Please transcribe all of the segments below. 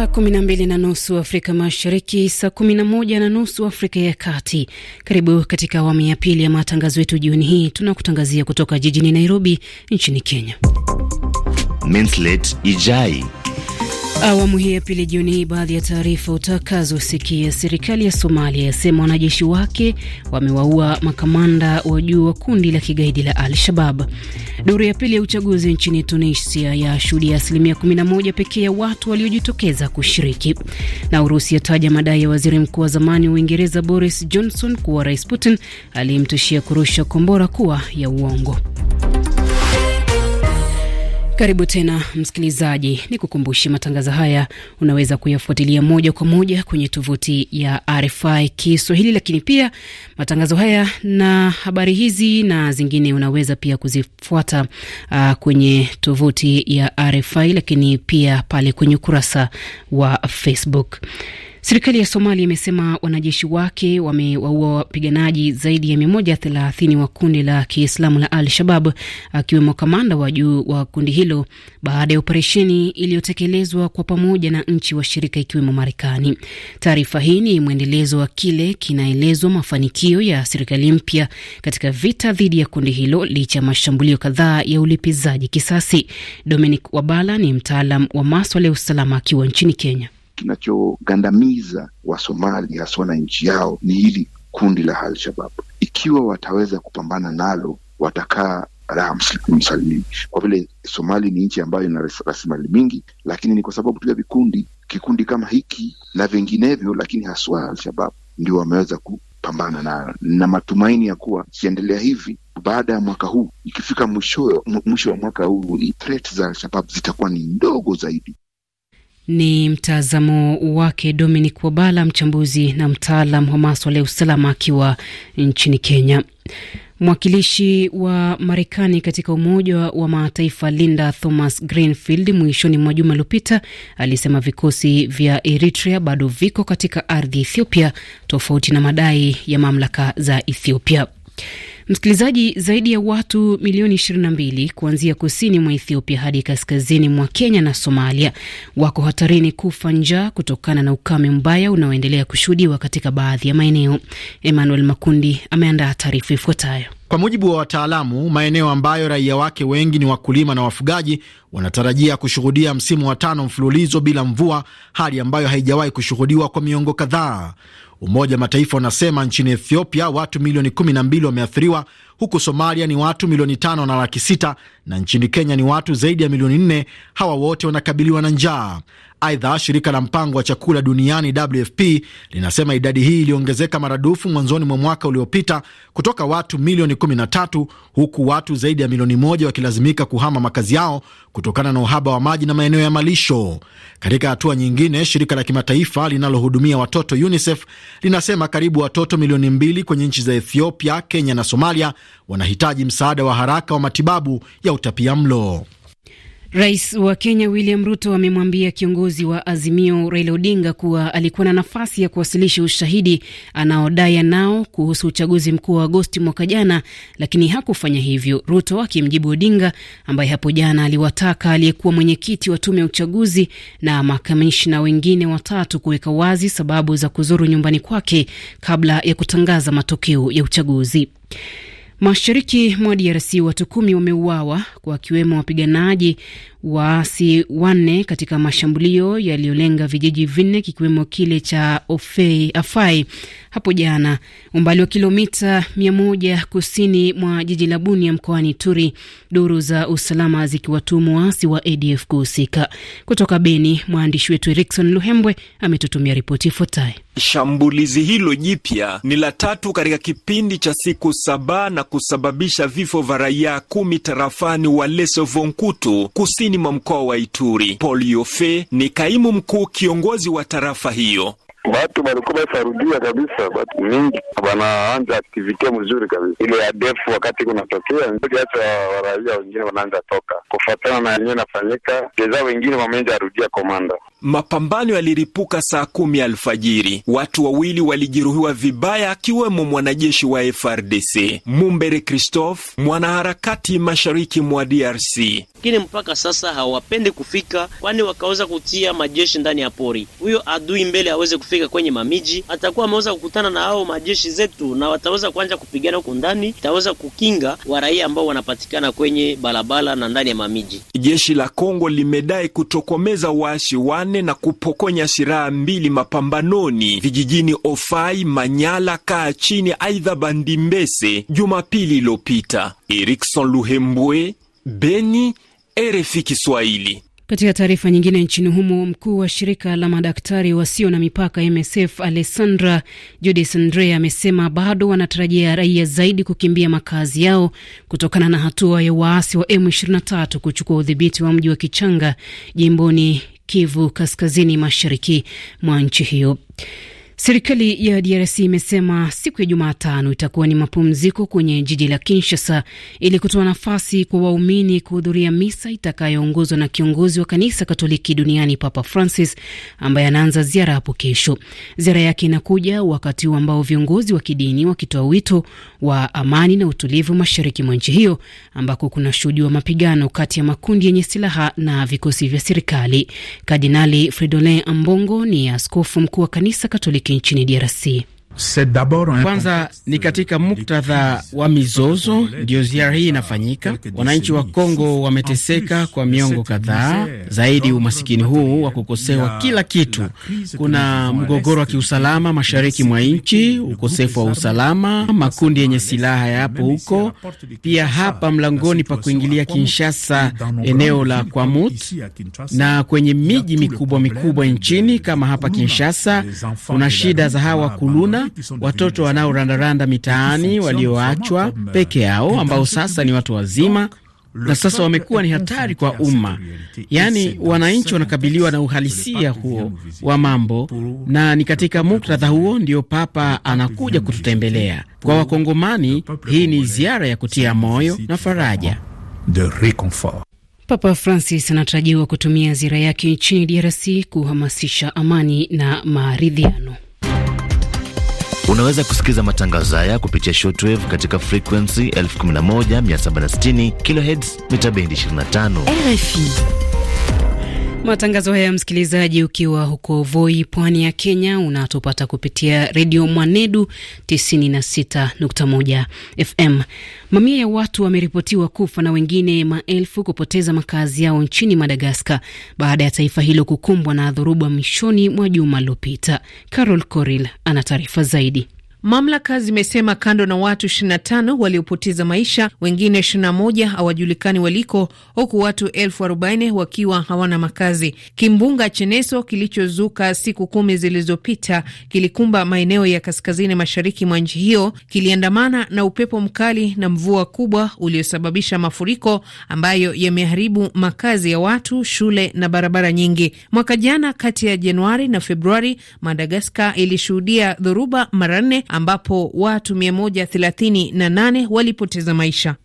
Saa 12 na nusu Afrika Mashariki, saa 11 na nusu Afrika ya Kati. Karibu katika awamu ya pili ya matangazo yetu jioni hii. Tunakutangazia kutoka jijini Nairobi nchini Kenya. Ijai Awamu hii ya pili jioni hii, baadhi ya taarifa utakazosikia. Serikali ya Somalia yasema wanajeshi wake wamewaua makamanda wa juu wa kundi la kigaidi la Al-Shabab. Duru ya pili ya uchaguzi nchini Tunisia yashuhudia asilimia 11 pekee ya watu waliojitokeza kushiriki. Na Urusi yataja madai ya waziri mkuu wa zamani wa Uingereza Boris Johnson kuwa Rais Putin aliyemtishia kurusha kombora kuwa ya uongo. Karibu tena msikilizaji, ni kukumbushe matangazo haya unaweza kuyafuatilia moja kwa moja kwenye tovuti ya RFI Kiswahili, lakini pia matangazo haya na habari hizi na zingine unaweza pia kuzifuata uh, kwenye tovuti ya RFI, lakini pia pale kwenye ukurasa wa Facebook. Serikali ya Somalia imesema wanajeshi wake wamewaua wapiganaji zaidi ya thelathini wa kundi la Kiislamu la Al Shabab, akiwemo kamanda wa juu wa kundi hilo baada ya operesheni iliyotekelezwa kwa pamoja na nchi washirika ikiwemo Marekani. Taarifa hii ni mwendelezo wa kile kinaelezwa mafanikio ya serikali mpya katika vita dhidi ya kundi hilo licha ya mashambulio kadhaa ya ulipizaji kisasi. Dominic Wabala ni mtaalam wa maswala ya usalama akiwa nchini Kenya kinachogandamiza Wasomali haswa na nchi yao ni hili kundi la alshabab Ikiwa wataweza kupambana nalo, watakaa raha msalimini, kwa vile Somali ni nchi ambayo ina rasilimali mingi, lakini ni kwa sababu tu ya vikundi kikundi kama hiki na vinginevyo, lakini haswa alshabab ndio wameweza kupambana nayo, na matumaini ya kuwa ikiendelea hivi baada ya mwaka huu ikifika mwisho wa mwaka huu threat za alshabab zitakuwa ni ndogo zaidi. Ni mtazamo wake Dominic Wabala, mchambuzi na mtaalam wa maswala ya usalama akiwa nchini Kenya. Mwakilishi wa Marekani katika Umoja wa Mataifa Linda Thomas Greenfield mwishoni mwa juma iliopita alisema vikosi vya Eritrea bado viko katika ardhi Ethiopia, tofauti na madai ya mamlaka za Ethiopia. Msikilizaji, zaidi ya watu milioni 22 kuanzia kusini mwa Ethiopia hadi kaskazini mwa Kenya na Somalia wako hatarini kufa njaa kutokana na ukame mbaya unaoendelea kushuhudiwa katika baadhi ya maeneo. Emmanuel Makundi ameandaa taarifa ifuatayo. Kwa mujibu wa wataalamu, maeneo ambayo raia wake wengi ni wakulima na wafugaji wanatarajia kushuhudia msimu wa tano mfululizo bila mvua, hali ambayo haijawahi kushuhudiwa kwa miongo kadhaa. Umoja wa Mataifa unasema nchini Ethiopia watu milioni 12 wameathiriwa, huku Somalia ni watu milioni tano na laki sita na nchini Kenya ni watu zaidi ya milioni nne. Hawa wote wanakabiliwa na njaa. Aidha, shirika la mpango wa chakula duniani WFP linasema idadi hii iliongezeka maradufu mwanzoni mwa mwaka uliopita kutoka watu milioni 13 huku watu zaidi ya milioni moja wakilazimika kuhama makazi yao kutokana na uhaba wa maji na maeneo ya malisho. Katika hatua nyingine, shirika la kimataifa linalohudumia watoto UNICEF linasema karibu watoto milioni mbili kwenye nchi za Ethiopia, Kenya na Somalia wanahitaji msaada wa haraka wa matibabu ya utapia mlo. Rais wa Kenya William Ruto amemwambia kiongozi wa Azimio Raila Odinga kuwa alikuwa na nafasi ya kuwasilisha ushahidi anaodai nao kuhusu uchaguzi mkuu wa Agosti mwaka jana, lakini hakufanya hivyo. Ruto akimjibu Odinga ambaye hapo jana aliwataka aliyekuwa mwenyekiti wa tume ya uchaguzi na makamishna wengine watatu kuweka wazi sababu za kuzuru nyumbani kwake kabla ya kutangaza matokeo ya uchaguzi. Mashariki mwa DRC watu kumi wameuawa wakiwemo wapiganaji waasi wanne katika mashambulio yaliyolenga vijiji vinne kikiwemo kile cha Ofei Afai hapo jana, umbali wa kilomita mia moja kusini mwa jiji la Bunia mkoani Turi, duru za usalama zikiwatumu waasi wa ADF kuhusika. Kutoka Beni, mwandishi wetu Erikson Luhembwe ametutumia ripoti ifuatayo. Shambulizi hilo jipya ni la tatu katika kipindi cha siku saba na kusababisha vifo vya raia kumi tarafani Waleso Vonkutu kusini kusini mwa mkoa wa Ituri. Yofe ni kaimu mkuu kiongozi wa tarafa hiyo. Watu walikuwa sarudia kabisa, watu mingi wanaanza aktivite mzuri kabisa, ile adefu wakati kunatokea hata waraia wengine wanaanza toka kufuatana na yenyewe nafanyika jeza, wengine wameanza rudia komanda Mapambano yaliripuka saa kumi alfajiri. Watu wawili walijeruhiwa vibaya, akiwemo mwanajeshi wa FRDC Mumbere Christophe, mwanaharakati mashariki mwa DRC. Lakini mpaka sasa hawapendi kufika, kwani wakaweza kutia majeshi ndani ya pori. Huyo adui mbele aweze kufika kwenye mamiji, atakuwa ameweza kukutana na hao majeshi zetu, na wataweza kuanza kupigana huko ndani, itaweza kukinga waraia ambao wanapatikana kwenye barabara na ndani ya mamiji. Jeshi la Kongo limedai kutokomeza waasi wane nane na kupokonya silaha mbili mapambanoni vijijini Ofai, Manyala, Kaa Chini, aidha Bandimbese Jumapili iliyopita. Erikson Luhembwe, Beni, RFI Kiswahili. Katika taarifa nyingine nchini humo, mkuu wa shirika la madaktari wasio na mipaka MSF Alessandra Judis Andrea amesema bado wanatarajia raia zaidi kukimbia makazi yao kutokana na hatua ya waasi wa M23 kuchukua udhibiti wa mji wa Kichanga jimboni Kivu kaskazini mashariki mwa nchi hiyo. Serikali ya DRC imesema siku ya Jumatano itakuwa ni mapumziko kwenye jiji la Kinshasa ili kutoa nafasi kwa waumini kuhudhuria misa itakayoongozwa na kiongozi wa kanisa Katoliki duniani Papa Francis, ambaye anaanza ziara hapo kesho. Ziara yake inakuja wakati huu ambao viongozi wa kidini wakitoa wito wa amani na utulivu mashariki mwa nchi hiyo ambako kunashuhudiwa mapigano kati ya makundi yenye silaha na vikosi vya serikali. Kardinali Fridolin Ambongo ni askofu mkuu wa kanisa Katoliki Cincini di Rassi. Kwanza ni katika muktadha wa mizozo ndiyo ziara hii inafanyika. Wananchi wa Kongo wameteseka kwa miongo kadhaa, zaidi umasikini huu wa kukosewa kila kitu. Kuna mgogoro wa kiusalama mashariki mwa nchi, ukosefu wa usalama, makundi yenye silaha yapo huko pia. Hapa mlangoni pa kuingilia Kinshasa, eneo la Kwamut na kwenye miji mikubwa mikubwa nchini kama hapa Kinshasa, kuna shida za hawa kuluna watoto wanaorandaranda mitaani, walioachwa uh, peke yao, ambao sasa ni watu wazima na sasa wamekuwa ni hatari kwa umma. Yaani, wananchi wanakabiliwa na uhalisia huo wa mambo, na ni katika muktadha huo ndio Papa anakuja kututembelea. Kwa Wakongomani, hii ni ziara ya kutia moyo na faraja. Papa Francis anatarajiwa kutumia ziara yake nchini DRC kuhamasisha amani na maridhiano. Unaweza kusikiliza matangazo haya kupitia shortwave katika frequency 11760 kilohertz mita bendi 25 RFI. Matangazo haya msikilizaji, ukiwa huko Voi, pwani ya Kenya, unatopata kupitia redio Mwanedu 96.1 FM. Mamia ya watu wameripotiwa kufa na wengine maelfu kupoteza makazi yao nchini Madagaskar baada ya taifa hilo kukumbwa na dhoruba mwishoni mwa juma lililopita. Carol Coril ana taarifa zaidi. Mamlaka zimesema kando na watu 25 waliopoteza maisha, wengine 21 hawajulikani waliko, huku watu elfu wakiwa hawana makazi. Kimbunga Cheneso kilichozuka siku kumi zilizopita kilikumba maeneo ya kaskazini mashariki mwa nchi hiyo, kiliandamana na upepo mkali na mvua kubwa uliosababisha mafuriko ambayo yameharibu makazi ya watu, shule na barabara nyingi. Mwaka jana kati ya Januari na Februari, Madagaskar ilishuhudia dhoruba mara nne ambapo watu 138 walipoteza maisha.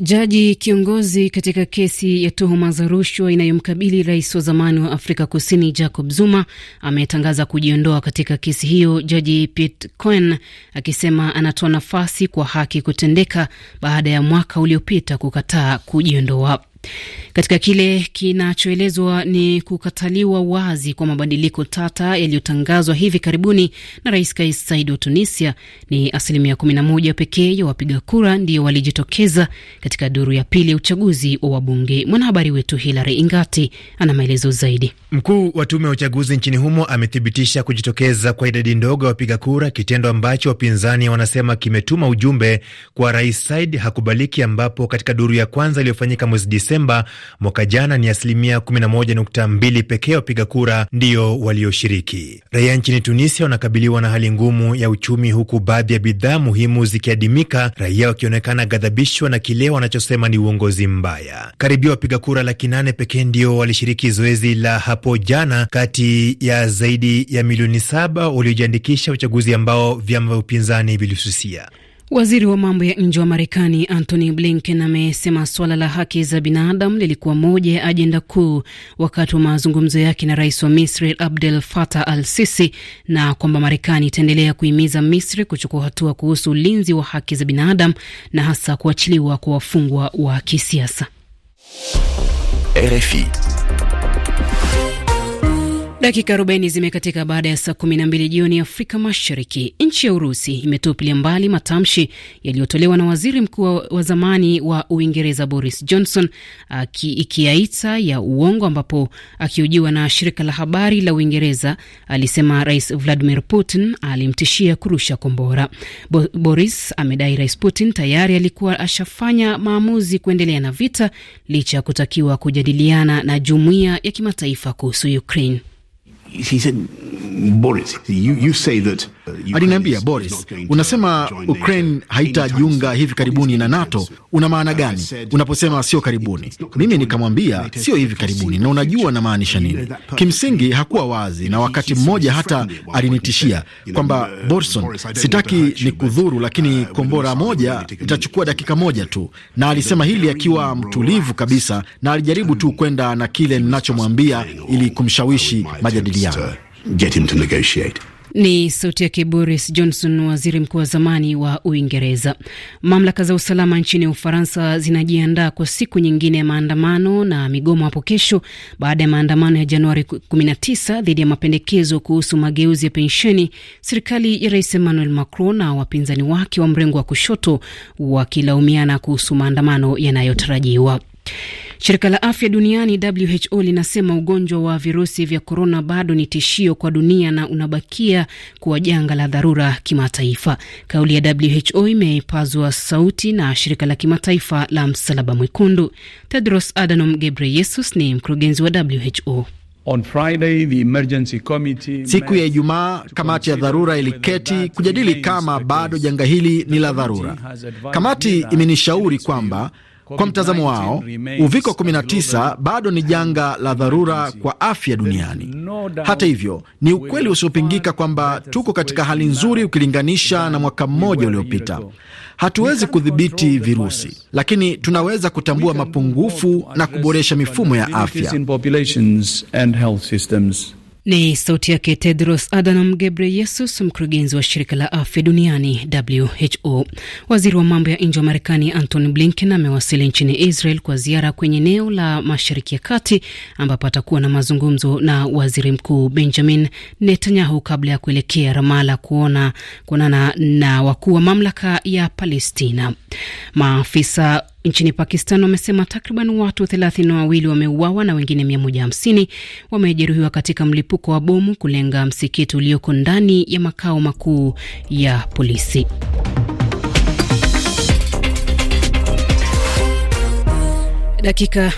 Jaji kiongozi katika kesi ya tuhuma za rushwa inayomkabili rais wa zamani wa Afrika Kusini Jacob Zuma ametangaza kujiondoa katika kesi hiyo, Jaji Pete Coen akisema anatoa nafasi kwa haki kutendeka baada ya mwaka uliopita kukataa kujiondoa katika kile kinachoelezwa ni kukataliwa wazi kwa mabadiliko tata yaliyotangazwa hivi karibuni na Rais Kais Said wa Tunisia. Ni asilimia 11 pekee ya wapiga kura ndio walijitokeza katika duru ya pili ya uchaguzi wa wabunge. Mwanahabari wetu Hilary Ingati ana maelezo zaidi. Mkuu wa tume ya uchaguzi nchini humo amethibitisha kujitokeza kwa idadi ndogo ya wapiga kura, kitendo ambacho wapinzani wanasema kimetuma ujumbe kwa Rais Said hakubaliki, ambapo katika duru ya kwanza iliyofanyika mwezi Disemba Desemba mwaka jana ni asilimia 11.2 pekee wapiga kura ndio walioshiriki. Raia nchini Tunisia wanakabiliwa na hali ngumu ya uchumi, huku baadhi ya bidhaa muhimu zikiadimika, raia wakionekana ghadhabishwa na kile wanachosema ni uongozi mbaya. Karibia wapiga kura laki nane pekee ndio walishiriki zoezi la hapo jana kati ya zaidi ya milioni saba waliojiandikisha, uchaguzi ambao vyama vya upinzani vilisusia. Waziri wa mambo ya nje wa Marekani Antony Blinken amesema suala la haki za binadamu lilikuwa moja ya ajenda kuu wakati wa mazungumzo yake na rais wa Misri Abdel Fattah al Sisi, na kwamba Marekani itaendelea kuhimiza Misri kuchukua hatua kuhusu ulinzi wa haki za binadamu na hasa kuachiliwa kwa wafungwa wa kisiasa. RFI Dakika 40 zimekatika baada ya saa 12 jioni Afrika Mashariki. Nchi ya Urusi imetupilia mbali matamshi yaliyotolewa na waziri mkuu wa zamani wa Uingereza Boris Johnson, ikiyaita ya uongo, ambapo akihojiwa na shirika la habari la Uingereza alisema Rais Vladimir Putin alimtishia kurusha kombora. Bo Boris amedai Rais Putin tayari alikuwa ashafanya maamuzi kuendelea na vita licha ya kutakiwa kujadiliana na jumuiya ya kimataifa kuhusu Ukraine. he said, Boris, you, you say that Aliniambia, Boris, unasema Ukraine haitajiunga hivi karibuni na NATO, una maana gani unaposema sio karibuni? Mimi nikamwambia sio hivi karibuni, na unajua namaanisha nini. Kimsingi hakuwa wazi, na wakati mmoja hata alinitishia kwamba, Borson, sitaki ni kudhuru, lakini kombora moja itachukua dakika moja tu, na alisema hili akiwa mtulivu kabisa, na alijaribu tu kwenda na kile ninachomwambia ili kumshawishi majadiliano. Ni sauti yake Boris Johnson, waziri mkuu wa zamani wa Uingereza. Mamlaka za usalama nchini Ufaransa zinajiandaa kwa siku nyingine ya maandamano na migomo hapo kesho, baada ya maandamano ya Januari 19 dhidi ya mapendekezo kuhusu mageuzi ya pensheni, serikali ya Rais Emmanuel Macron na wapinzani wake wa mrengo wa kushoto wakilaumiana kuhusu maandamano yanayotarajiwa. Shirika la afya duniani WHO linasema ugonjwa wa virusi vya korona bado ni tishio kwa dunia na unabakia kuwa janga la dharura kimataifa. Kauli ya WHO imepazwa sauti na shirika la kimataifa la Msalaba Mwekundu. Tedros Adhanom Ghebreyesus ni mkurugenzi wa WHO. On Friday, the emergency committee siku ya Ijumaa kamati ya dharura iliketi kujadili kama bado janga hili ni la dharura. Kamati imenishauri kwamba kwa mtazamo wao, uviko 19 bado ni janga la dharura kwa afya duniani. Hata hivyo, ni ukweli usiopingika kwamba tuko katika hali nzuri ukilinganisha na mwaka mmoja uliopita. Hatuwezi kudhibiti virusi, lakini tunaweza kutambua mapungufu na kuboresha mifumo ya afya. Ni sauti yake Tedros Adhanom Ghebreyesus, mkurugenzi wa shirika la afya duniani WHO. Waziri wa mambo ya nje wa Marekani Antony Blinken amewasili nchini Israel kwa ziara kwenye eneo la Mashariki ya Kati, ambapo atakuwa na mazungumzo na waziri mkuu Benjamin Netanyahu kabla ya kuelekea Ramala kuonana na wakuu wa mamlaka ya Palestina. Maafisa Nchini Pakistan wamesema takriban watu thelathini na wawili wameuawa na wengine 150 wamejeruhiwa katika mlipuko wa bomu kulenga msikiti ulioko ndani ya makao makuu ya polisi. Dakika